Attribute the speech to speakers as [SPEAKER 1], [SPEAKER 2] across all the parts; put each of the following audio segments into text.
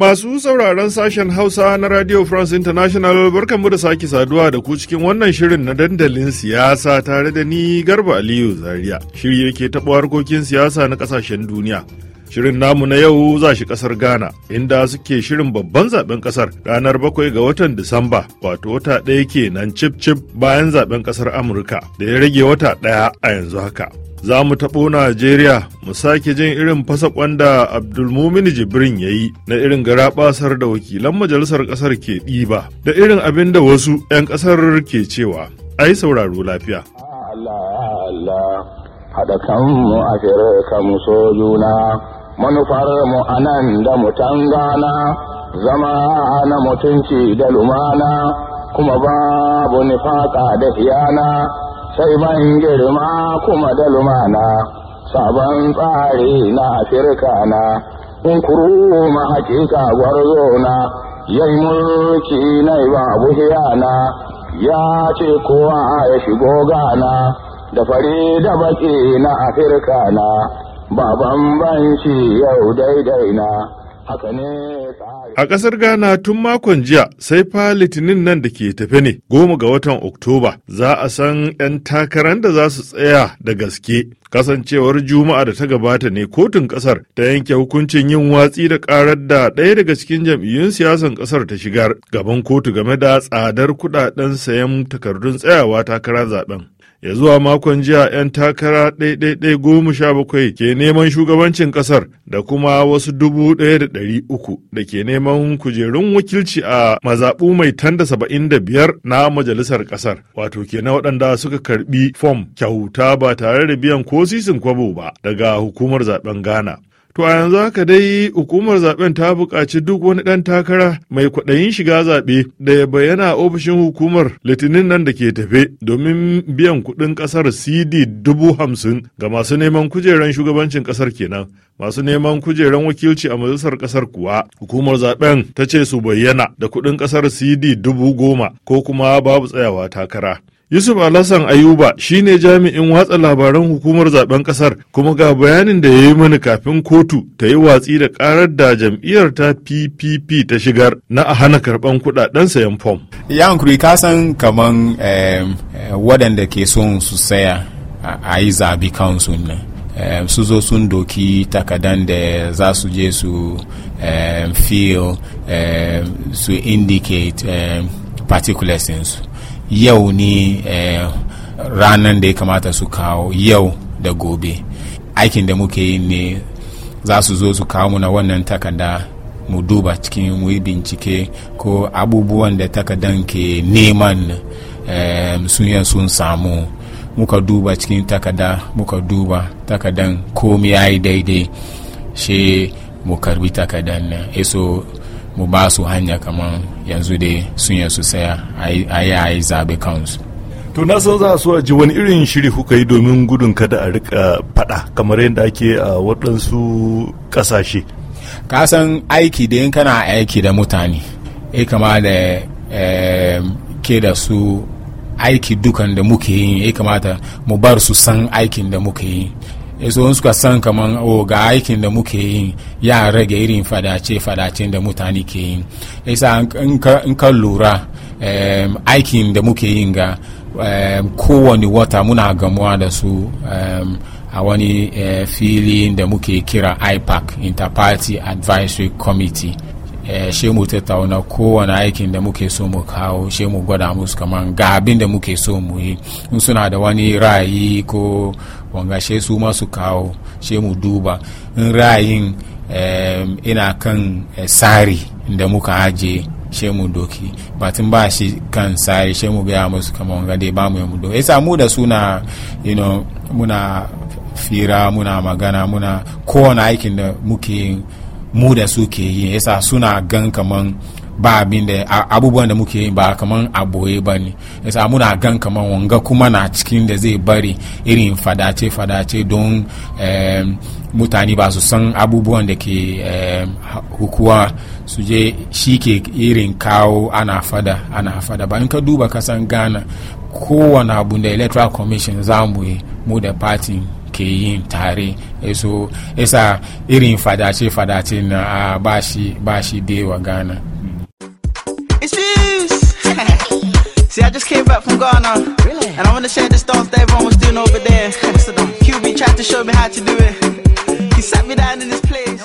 [SPEAKER 1] Masu sauraron sashen Hausa na Radio France International barkanmu da sake saduwa da ku cikin wannan shirin na dandalin siyasa tare da ni Garba Aliyu Zaria. Shiri yake taɓa harkokin siyasa na ƙasashen duniya. Shirin namu na yau za shi ƙasar Ghana, inda suke shirin babban zaben ƙasar, ranar bakwai ga watan Disamba, wato wata ɗaya kenan cif cif bayan zaben ƙasar Amurka da ya rage wata ɗaya a yanzu haka. za mu taɓo Najeriya mu sake jin irin fasa da Abdulmumin Jibrin ya yi na irin garaɓasar da wakilan majalisar ƙasar ke ɗiba da irin abin da wasu 'yan ƙasar ke cewa a yi sauraro lafiya.
[SPEAKER 2] Haɗa kanmu a kanmu so juna, manufar mu a nan da mutan
[SPEAKER 1] zama na
[SPEAKER 2] mutunci da lumana, kuma babu nifaƙa da iyana. sai ban girma kuma da lumana sabon tsari na firka na in kuru ma hakika gwarzo na yai mulki na babu buhiyana ya ce kowa ya shigo gana da fari da baki na afirka na ba bambanci yau daidai na
[SPEAKER 1] A ƙasar Ghana tun makon jiya sai fa litinin nan da ke tafe ne goma ga watan Oktoba za a san 'yan takarar da za su tsaya da gaske. Kasancewar Juma'a da ta gabata ne kotun ƙasar ta yanke hukuncin yin watsi da ƙarar da ɗaya daga cikin jam'iyyun siyasan ƙasar ta shigar gaban kotu game da tsadar kuɗaɗen sayan takardun tsayawa takarar zaben. ya zuwa makon jiya 'yan takara ɗaiɗaiɗai goma sha bakwai ke neman shugabancin kasar da kuma wasu dubu ɗaya da ɗari uku da ke neman kujerun wakilci a mazaɓu mai tanda saba'in da biyar na majalisar kasar wato ke na waɗanda suka karɓi fom kyauta ba tare da biyan ko sisin kwabo ba daga hukumar zaɓen ghana To a yanzu haka dai hukumar zaben ta buƙaci duk wani ɗan takara mai kwaɗayin shiga zaɓe da ya bayyana a ofishin hukumar litinin nan da ke tafe domin biyan kuɗin ƙasar CD dubu hamsin ga masu neman kujeran shugabancin ƙasar kenan. Masu neman kujeran wakilci a majalisar ƙasar kuwa hukumar zaben ta ce su bayyana da kuɗin ƙasar CD dubu goma ko kuma babu tsayawa takara. Yusuf Alassan Ayuba shine jami'in watsa labaran hukumar zaben kasar kuma ga bayanin da ya yi mani kafin kotu ta yi watsi da karar da jam'iyyar ta PPP ta shigar na a hana karban kudaden sayan fom. Ya hankuri kasan kaman waɗanda ke son su
[SPEAKER 3] saya a yi zabi kansu nan. su zo sun doki takadan da za su je su feel su indicate particular sense. yau ne eh, ranan da ya kamata su kawo yau da gobe aikin da muke yi ne za su zo su kawo na wannan takarda mu duba cikin mu bincike ko abubuwan da takadan ke neman eh, sun sun samu muka duba cikin takarda muka duba takardan komi ya yi daidai shi mu karbi takardan nan so, mu ba su hanya kamar yanzu dai sun yi su saya a yi a yi zaɓe kansu
[SPEAKER 1] to na san za su ji wani irin shiri kuka yi domin gudun kada a rika fada kamar yadda ake a waɗansu
[SPEAKER 3] ƙasashe ka san aiki da yin kana aiki da mutane e kama da eh, ke da su aiki dukan da muke yi ya kamata mu bar su san aikin da muke yi so suka san kaman o oh, ga aikin da muke yi ya rage irin fadace fadacen da mutane ke yi isa in ka lura aikin da muke yi ga kowane wata muna gamuwa da su a wani eh, fili da muke kira ipac interparty advisory committee eh, she mu tattauna kowane aikin da muke so mu kawo she mu gwada musu kaman ga abin da muke so mu yi in suna da wani ra'ayi ko wanga she su ma su kawo she mu duba in ra'ayin ina kan tsari eh, da muka aje she mu doki batun ba shi kan tsari she mu gaya musu kama wanga dai ba mu yi mu doki yasa mu da suna you know muna fira muna magana muna kowane aikin da muke mu da su ke yi yasa suna gan kaman ba abin da abubuwan da muke yi ba kaman a boye ba ne yasa muna gan kaman wanga kuma na cikin da zai bari irin fadace fadace don mutane ba su san abubuwan da ke hukuwa su je shi ke irin kawo ana fada ana fada ba in ka duba kasan ghana kowane abu da electoral commission za mu yi mu da party ke yin tare so isa irin fadace fadace na ba shi da yawa ghana
[SPEAKER 4] See, I just came back from Ghana. Really? And I wanna share this dance that everyone was doing over there. QB tried to show me how to do it. He sat me down in this place.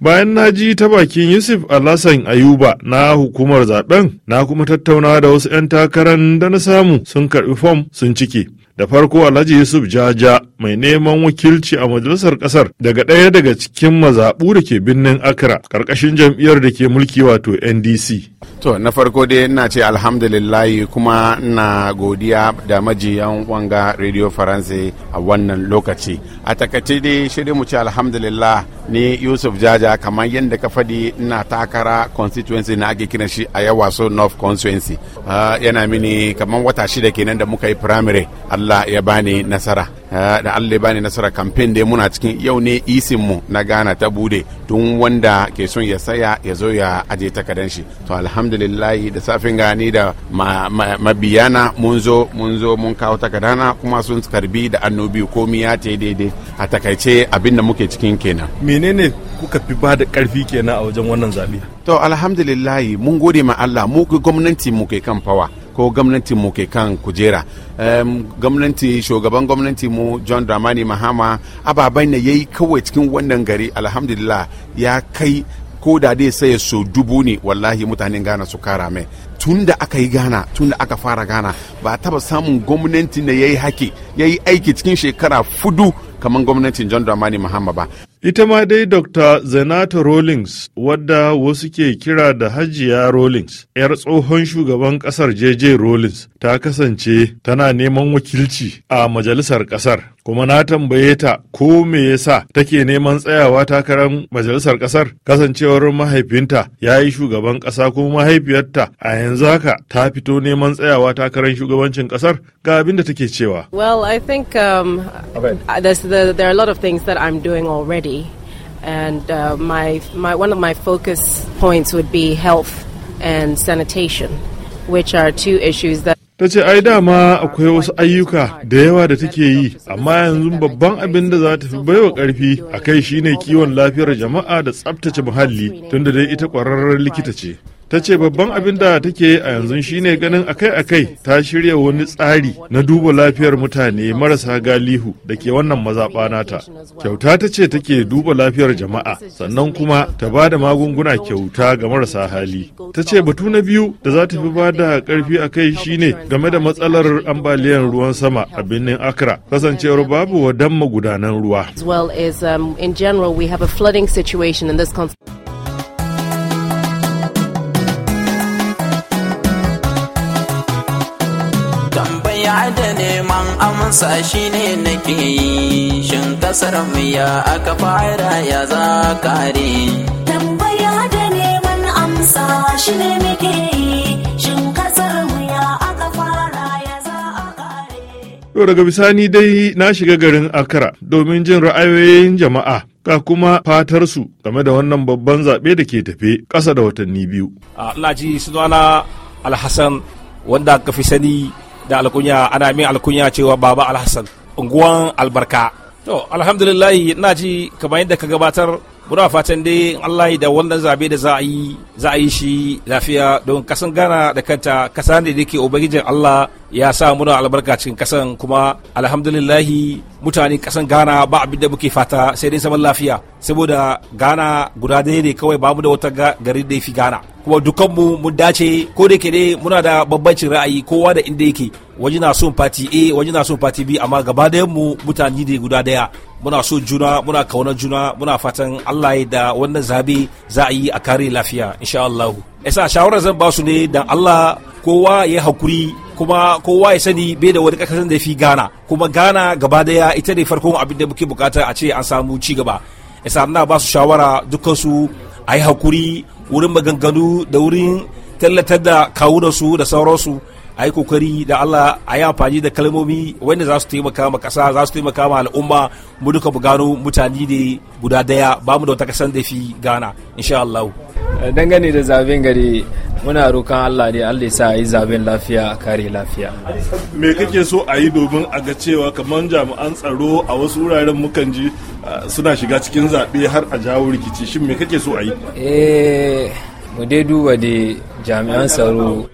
[SPEAKER 1] bayan na ji ta bakin yusuf Alhassan ayuba na hukumar zaben na kuma tattauna da wasu 'yan takarar da na samu sun karbi fom sun cike da farko alhaji yusuf jaja mai neman wakilci a majalisar kasar daga ɗaya daga cikin mazaɓu da ke birnin accra ƙarƙashin jam'iyyar da ke mulki wato ndc
[SPEAKER 5] to na farko dai ina ce alhamdulillahi kuma na godiya da majiyan wanga radio faransa a wannan lokaci a takaice dai shirin mu ce alhamdulillah ni yusuf jaja kamar yadda ka faɗi ina takara constituency na ake kiran shi a yawa so north constituency ah, yana mini kamar wata shida kenan da muka yi primary allah ya bani nasara ah, da allah ya bani nasara campaign da muna cikin yau ne isin mu na gana ta bude tun wanda ke son ya saya ya zo ya aje takadan shi to alhamdulillahi da safin gani da mabiyana ma, ma mun zo mun zo mun kawo takadana kuma sun karbi da annobi komi ya ta daidai a takaice abin da muke cikin kenan
[SPEAKER 1] menene kuka fi ba da karfi kenan a wajen wannan zabe
[SPEAKER 5] to alhamdulillah mun gode ma Allah mu gwamnati mu kai kan fawa ko gwamnati mu kai kan kujera um, gwamnati shugaban gwamnati mu john dramani mahama ababen da yayi kawai cikin wannan gari alhamdulillah ya kai ko da dai sai so dubu ne wallahi mutanen Gana su kara mai tun da aka yi Gana tun da aka fara Gana ba taba samun gwamnati da ya haki ya aiki cikin shekara fudu kamar gwamnatin john dramani mahama ba
[SPEAKER 1] Ita ma dai Dr. Zenata Rawlings wadda wasu ke kira da Hajiya Rawlings, 'yar tsohon shugaban kasar JJ Rawlings ta kasance tana neman wakilci a majalisar kasar. kuma na tambaye ta ko me yasa take neman tsayawa takarar majalisar kasar kasancewar mahaifinta ya yi shugaban kasa kuma mahaifiyarta a yanzu haka ta fito neman tsayawa takarar shugabancin kasar ga abin da take cewa well i think um, uh, the, there are a lot of things that i'm doing already and uh, my, my one of my focus points would be health and sanitation which are two issues that ta ce ai dama akwai wasu ayyuka da yawa da take yi amma yanzu babban abin da za ta fi baiwa karfi a kai shine kiwon lafiyar jama'a da tsabtace muhalli tunda dai ita kwararren likita ce ta ce babban abin da take a yanzu shine ganin akai-akai ta shirya wani tsari na duba lafiyar mutane marasa galihu da ke wannan mazaɓa nata kyauta ta ce take duba lafiyar jama'a sannan kuma ta ba da magunguna kyauta ga marasa hali ta ce batu na biyu da za ta fi ba da karfi akai kai shine game da matsalar ambaliyar ruwan sama a birnin accra kasancewar babu wadan magudanan ruwa um,
[SPEAKER 2] ya da neman amsa shine nake yi shin kasar mu ya aka fara ya za kare
[SPEAKER 4] tambaya da neman amsa shine nake yi shin kasar mu ya aka fara ya za kare
[SPEAKER 1] to daga bisani dai na shiga garin Accra domin jin ra'ayoyin jama'a ga kuma fatar su game da wannan babban zaɓe da ke tafe ƙasa da watanni biyu.
[SPEAKER 6] Ina ji sunana Alhassan wanda ka fi sani da alkunya ana min alkunya cewa baba alhassan unguwan albarka to alhamdulillah na ji kamar yadda ka gabatar muna fatan dai Allah da wannan zabe da za a yi za a yi shi lafiya don kasan Gana da kanta kasa ne da ke ubangijin Allah ya sa muna albarka cikin kasan kuma alhamdulillahi mutane kasan Gana ba abin da muke fata sai dai zaman lafiya saboda Gana guda ɗaya ne kawai ba mu da wata gari da fi Gana. kuma dukanmu mun dace ko da ke muna da bambancin ra'ayi kowa da inda yake waje na son fati A waje na son fati B amma gaba dayanmu mu mutane ne guda ɗaya muna so juna muna kauna juna muna fatan Allah ya da wannan zabe za a yi a kare lafiya insha Allah yasa shawara zan ba su ne dan Allah kowa ya hakuri kuma kowa ya sani bai da wani kakasin da ya fi gana. kuma gana gaba daya ita ne farkon abin da muke bukata a ce an samu ci gaba yasa ina ba su shawara dukkan su a yi hakuri wurin maganganu da wurin tallatar da kawunansu da sauransu a yi kokari da Allah a yi amfani da kalmomi wanda za su taimaka ma kasa za su taimaka ma al'umma mu duka mu gano mutane ne guda daya ba mu da wata kasan da fi gana insha Allah eh, dangane da zaben gari muna roƙon Allah ne Allah ya sa a yi zaben lafiya a kare lafiya
[SPEAKER 1] me kake so a yi domin a ga cewa kamar jami'an tsaro a wasu wuraren mukan ji ah, suna shiga cikin zaɓe har a jawo rikici shin me kake so a yi
[SPEAKER 6] eh mu dai duba da jami'an tsaro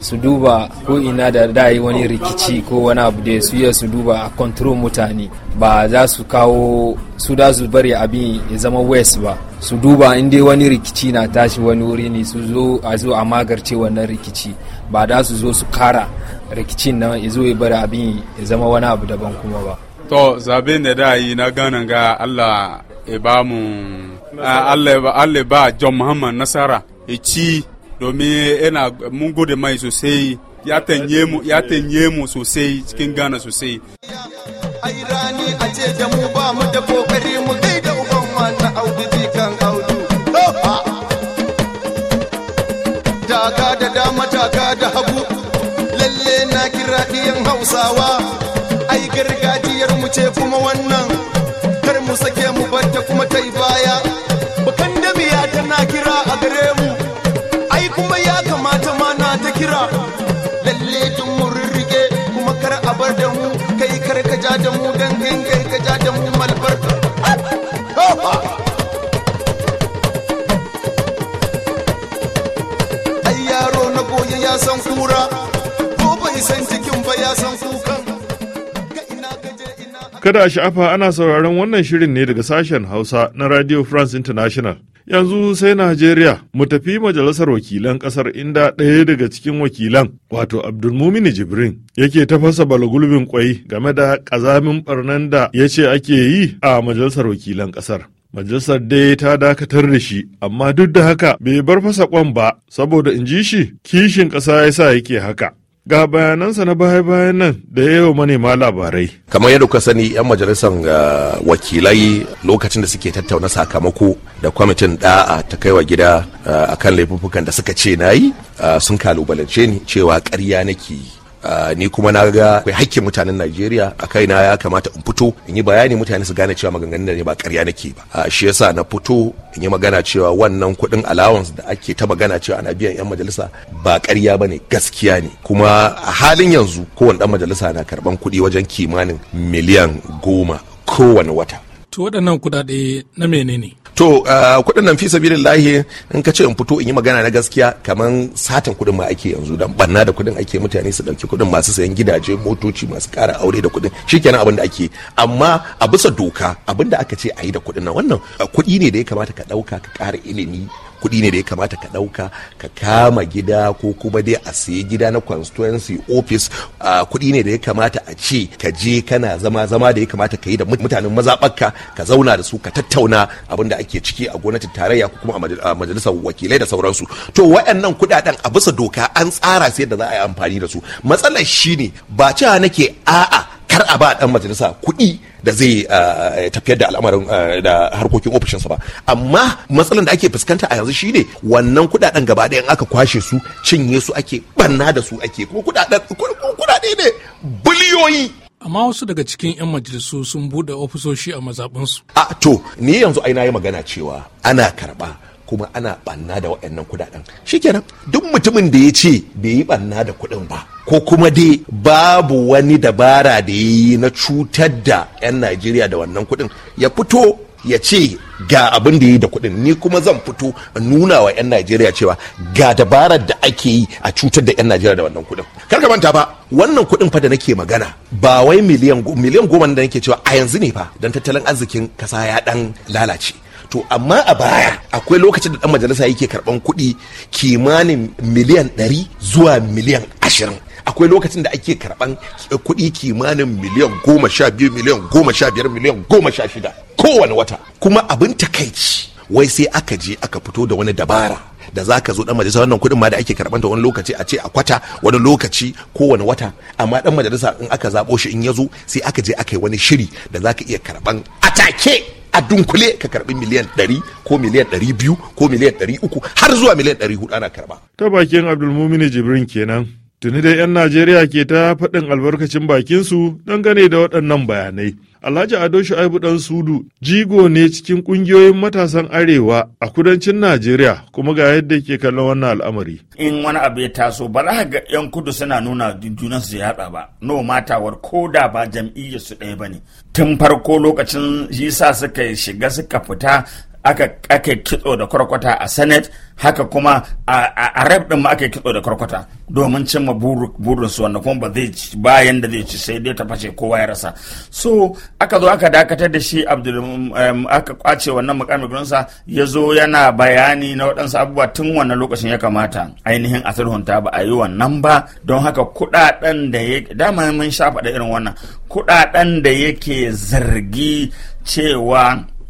[SPEAKER 6] su duba ko ina da da yi wani rikici ko wani abu da su iya su duba a control mutane ba za su kawo su da su bari abin ya zama west ba su duba inda wani rikici na tashi wani wuri ne su zo a zo a magarce wannan rikici ba da su zo su kara rikicin nan ya zo ya bari abin ya zama wani abu daban kuma ba
[SPEAKER 3] to zabe ne da yi na ganin ga Allah ya ba mu Allah ba John Muhammad nasara ya ci domin yana mun gode mai sosai ya tanye mu sosai cikin gana sosai
[SPEAKER 2] ai rani a ce da mu ba mu da kokari mu kai da uban wata
[SPEAKER 7] audu jikan audu daga da dama daga da hagu lalle na kira diyan hausawa ai gargajiyar mu ce kuma wannan kar mu sake mu batta kuma ta baya
[SPEAKER 1] Kada a sha'afa ana sauraron wannan shirin ne daga sashen Hausa na Radio France International. Yanzu sai Najeriya mu tafi majalisar wakilan ƙasar inda ɗaya daga cikin wakilan wato Abdulmumini Jibrin yake tafasa balagulbin kwai game da ƙazamin barnan da ya ce ake yi a majalisar wakilan kasar. Majalisar dai ta dakatar da shi, amma duk da haka bai bar fasa kwan ba, saboda in ji shi kishin ƙasa ya sa yake haka. ga bayanansa na baya-bayan nan da ya yi manema labarai.
[SPEAKER 7] kamar yadda kuka sani 'yan majalisar uh, wakilai lokacin da suke tattauna sakamako da kwamitin da'a ta kaiwa gida uh, akan laifuffukan da suka ce na yi uh, sun kalubalance ni cewa karya nake yi Ah, ni kuma na ga akwai hakkin mutanen Najeriya a kaina ya kamata in fito in yi bayani mutane su gane cewa maganganun da ne ba ƙarya nake ba ah, shi yasa na fito in yi magana cewa wannan kuɗin allowance da ake ta magana cewa ana biyan 'yan majalisa ba ƙarya bane gaskiya ne kuma a halin yanzu kowane ɗan majalisa na karɓan kuɗi wajen kimanin miliyan goma kowane wata to
[SPEAKER 4] waɗannan kuɗaɗe na menene
[SPEAKER 7] to uh, kuɗin nan fi sabilillahi in ka ce in fito in yi magana na gaskiya kamar satin kuɗin ma ake yanzu dan banna da kuɗin ake mutane su ɗauki kuɗin masu sayan gidaje motoci masu kara aure da kuɗin shikenan abin da ake amma a bisa doka abin da aka ce a yi da kuɗin nan wannan uh, kuɗi ne da ya kamata ka ɗauka ka kara ilimi kuɗi ne da ya kamata ka ɗauka ka kama gida ko kuma dai a sayi gida na constituency office kuɗi ne da ya kamata a ce ka je kana zama zama da ya kamata ka yi da mutanen mazaɓarka ka zauna da su ka tattauna abin da ake ciki a gwamnatin tarayya ko kuma a majalisar wakilai da sauransu to waɗannan kuɗaɗen a bisa doka an tsara sai da za a yi amfani da su matsalar shine ba cewa nake a'a kar a ba ɗan majalisa kuɗi da zai eh, eh, tafiyar da al'amarin eh, da harkokin ofishinsa ba amma matsalar da ake fuskanta a yanzu shine wannan kudaden gaba ɗaya aka kwashe su cinye su ake banna da su ake kuma kudaden kudade ne biliyoyi
[SPEAKER 3] amma
[SPEAKER 6] wasu daga cikin 'yan majalisu sun buɗe ofisoshi a mazabinsu
[SPEAKER 7] a to ni yanzu ai yi magana cewa ana karɓa kuma ana banna da waɗannan kudaden shikenan duk mutumin da ya ce bai yi banna da kuɗin ba ko kuma dai babu wani dabara da ya yi na cutar da 'yan najeriya da wannan kuɗin ya fito ya ce ga abin da ya yi da kuɗin ni kuma zan fito nuna wa 'yan najeriya cewa ga dabarar da ake yi a cutar da 'yan najeriya da wannan kuɗin kar ka manta ba wannan kuɗin fa da nake magana ba wai miliyan miliyan goma da nake cewa a yanzu ne fa don tattalin arzikin kasa ya ɗan lalace to amma a baya akwai lokacin da dan majalisa yake karban kuɗi kimanin miliyan 100 zuwa miliyan 20 akwai lokacin da ake karban eh, kuɗi kimanin miliyan goma sha biyu miliyan goma sha biyar miliyan goma sha shida kowane wata kuma abin takaici wai sai aka je aka fito da wani dabara da za ka zo dan majalisa wannan kuɗin ma da ake ta wani lokaci a ce a kwata wani lokaci kowane wata amma dan majalisa in aka zaɓo shi in ya zo sai aka je aka yi wani shiri da za ka iya karɓan atake a dunkule ka karɓi miliyan ɗari ko miliyan ɗari biyu ko miliyan ɗari uku har zuwa miliyan ɗari hudu ana karɓa.
[SPEAKER 1] ta bakin abdulmumin jibrin kenan Tuni da 'yan Najeriya ke ta faɗin albarkacin bakinsu dangane da waɗannan bayanai. Alhaji Ado Shu'aibu ɗan Sudu jigo ne cikin ƙungiyoyin matasan Arewa a kudancin Najeriya kuma ga yadda ke kallon wannan al'amari.
[SPEAKER 2] In wani abu ya taso ba za ga 'yan kudu suna nuna junan su yaɗa ba, no matawar ko da ba jam'iyyar su ɗaya ba ne. Tun farko lokacin yisa suka shiga suka fita aka ake kitso da kwarkwata a senate haka kuma a rep din ma ake kitso da kwarkwata domin cimma burin su wanda kuma ba zai ci bayan da zai ci sai dai ta fashe kowa ya rasa so aka zo aka dakatar da shi abdul aka kwace wannan mukamin gurinsa ya zo yana bayani na waɗansu abubuwa tun wannan lokacin ya kamata ainihin a sulhunta ba a yi wannan ba don haka kuɗaɗen da ya dama mun sha faɗa irin wannan kuɗaɗen da yake zargi cewa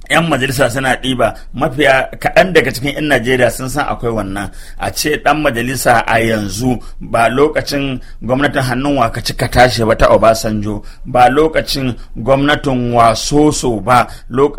[SPEAKER 2] 'yan majalisa suna ɗiba mafiya kaɗan daga cikin 'yan najeriya sun san akwai wannan a ce ɗan majalisa a yanzu ba lokacin gwamnatin hannun waka cika tashi ba ta obasanjo ba lokacin gwamnatin wasoso ba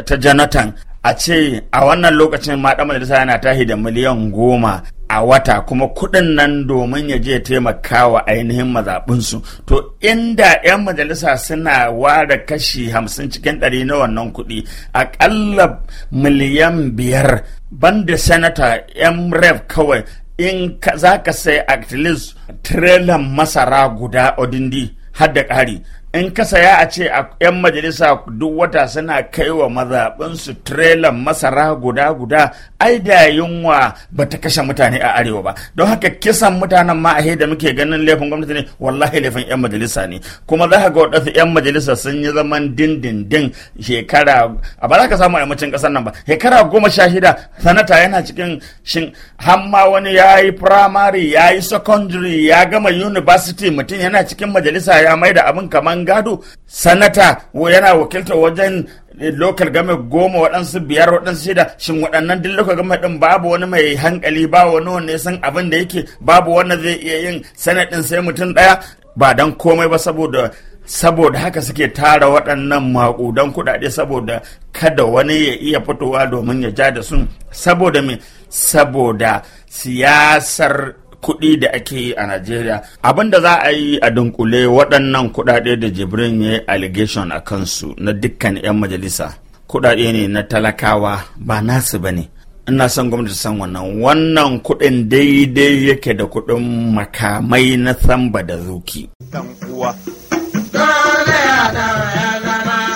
[SPEAKER 2] ta jonathan a ce a wannan lokacin ma ɗan majalisa yana tahi da miliyan goma a wata kuma kuɗin nan domin ya je taimaka wa ainihin mazaɓinsu to inda 'yan majalisa suna ware kashi hamsin cikin ɗari na wannan kuɗi aƙalla miliyan biyar banda senata 'yan rev kawai in za ka sai at least trailer masara guda odindi har da ƙari in ka saya a ce a 'yan majalisa duk wata suna kai wa mazaɓinsu tirelan masara guda-guda ai da yunwa ba ta kashe mutane a arewa ba don haka kisan mutanen ma da muke ganin laifin gwamnati ne wallahi laifin 'yan majalisa ne kuma za ka ga waɗansu 'yan majalisa sun yi zaman dindindin shekara a ba za ka samu aimacin ƙasar nan ba shekara goma sha shida sanata yana cikin shin hamma wani ya yi firamare ya yi secondary ya gama university mutum yana cikin majalisa ya mai da abin kamar gado sanata yana wakilta wajen lokal game goma waɗansu biyar waɗansu shida shin waɗannan duk lokal game ɗin babu wani mai hankali ba wani wanda ya san abin da yake babu wanda zai iya yin sanadin sai mutum ɗaya ba dan komai ba saboda saboda haka suke tara waɗannan maƙudan kuɗaɗe saboda kada wani ya iya fitowa domin ya ja da sun saboda me saboda siyasar kuɗi da ake yi a Najeriya. Abin da za a yi a dunkule waɗannan kuɗaɗe da Jibrin ya yi allegation a kansu na dukkan 'yan majalisa. Kuɗaɗe ne na talakawa ba nasu ba ne. Ina son gwamnati san wannan wannan kuɗin daidai yake da kuɗin makamai na samba da zuki.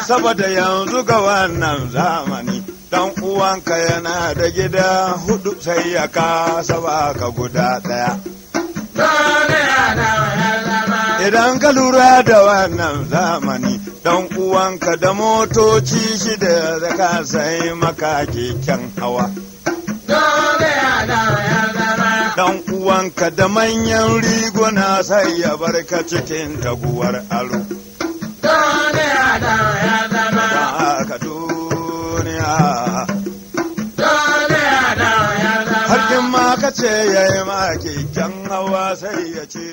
[SPEAKER 2] Saboda yanzu ga wannan zamani dan uwanka yana da gida hudu sai ya kasa ka guda daya idan ka lura da wannan zamani dan uwanka da motoci shida da ka sai maka keken hawa dan uwanka da manyan riguna sai ya barka cikin taguwar aro in ma ka ce ya yi ma hawa sai ya ce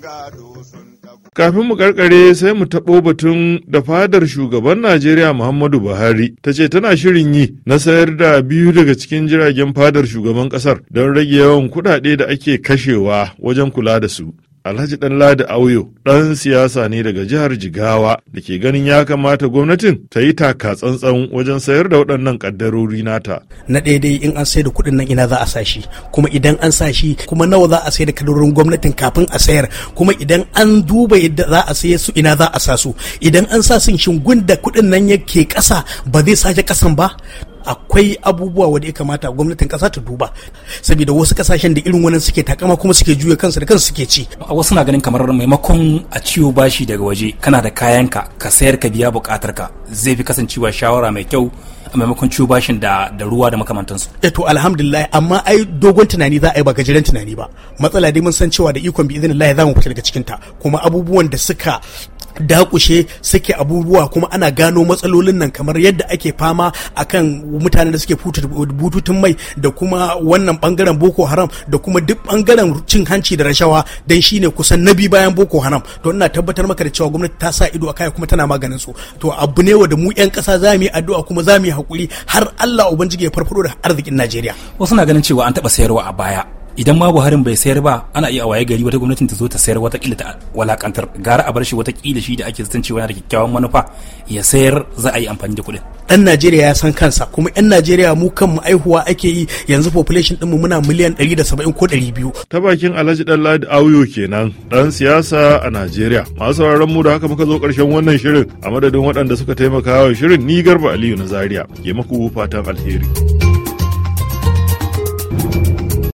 [SPEAKER 2] gado
[SPEAKER 1] sun Kafin mu karkare sai mu taɓo batun da fadar shugaban Najeriya Muhammadu Buhari ta ce tana shirin yi na sayar da biyu daga cikin jiragen fadar shugaban ƙasar don rage yawan kuɗaɗe da ake kashewa wajen kula da su. Alhaji Dan Ladi Auyo ɗan siyasa ne daga jihar Jigawa da ke ganin ya kamata gwamnatin ta yi taka tsantsan wajen sayar da waɗannan ƙaddarori nata.
[SPEAKER 4] Na daidai in an sayar da kuɗin nan ina za a sashi kuma idan an sashi kuma nawa za a sayar da ƙaddarorin gwamnatin kafin a sayar kuma idan an duba yadda za a sayar su ina za a sa su idan an sa sun shingun da kuɗin nan yake ƙasa ba zai sake ƙasan ba akwai abubuwa wanda ya kamata gwamnatin kasa ta duba saboda wasu kasashen da irin wannan suke takama kuma suke juya kansu da
[SPEAKER 6] kansu suke ci a wasu na ganin kamar maimakon a ciwo bashi daga waje kana da kayanka ka sayar ka biya bukatar ka zai fi kasancewa shawara mai kyau a maimakon ciwo bashin da da ruwa da makamantansu
[SPEAKER 4] eh to alhamdulillah amma ai dogon tunani za a yi ba gajeren tunani ba matsala dai mun san cewa da ikon bi idinillahi za mu fita daga cikin ta kuma abubuwan da suka dakushe suke abubuwa kuma ana gano matsalolin nan kamar yadda ake fama akan mutane da suke bututun mai da kuma wannan bangaren boko haram da kuma duk bangaren cin hanci da rashawa don shine kusan na bi bayan boko haram to ina tabbatar maka da cewa gwamnati ta sa ido akai kuma tana maganin su to abu ne wanda mu yan kasa za mu yi addu'a kuma za mu yi hakuri har Allah ubangiji ya farfado
[SPEAKER 6] da arzikin Najeriya wasu na ganin cewa an taba sayarwa a baya idan ma buharin bai sayar ba ana iya waye gari wata gwamnatin ta zo ta sayar wata kila ta walakantar gara a bar shi wata kila shi da ake zaton cewa yana da kyakkyawan manufa ya sayar za a yi amfani da kuɗin
[SPEAKER 4] dan Najeriya ya san kansa kuma yan Najeriya mu kan kanmu
[SPEAKER 1] aihuwa ake yi yanzu population ɗinmu muna miliyan 170 ko 200 ta bakin Alhaji dan ladi Auyo kenan dan siyasa a Najeriya masu sauraron mu da haka muka zo karshen wannan shirin a madadin waɗanda suka taimaka wa shirin ni Garba Aliyu na Zaria ke muku fatan alheri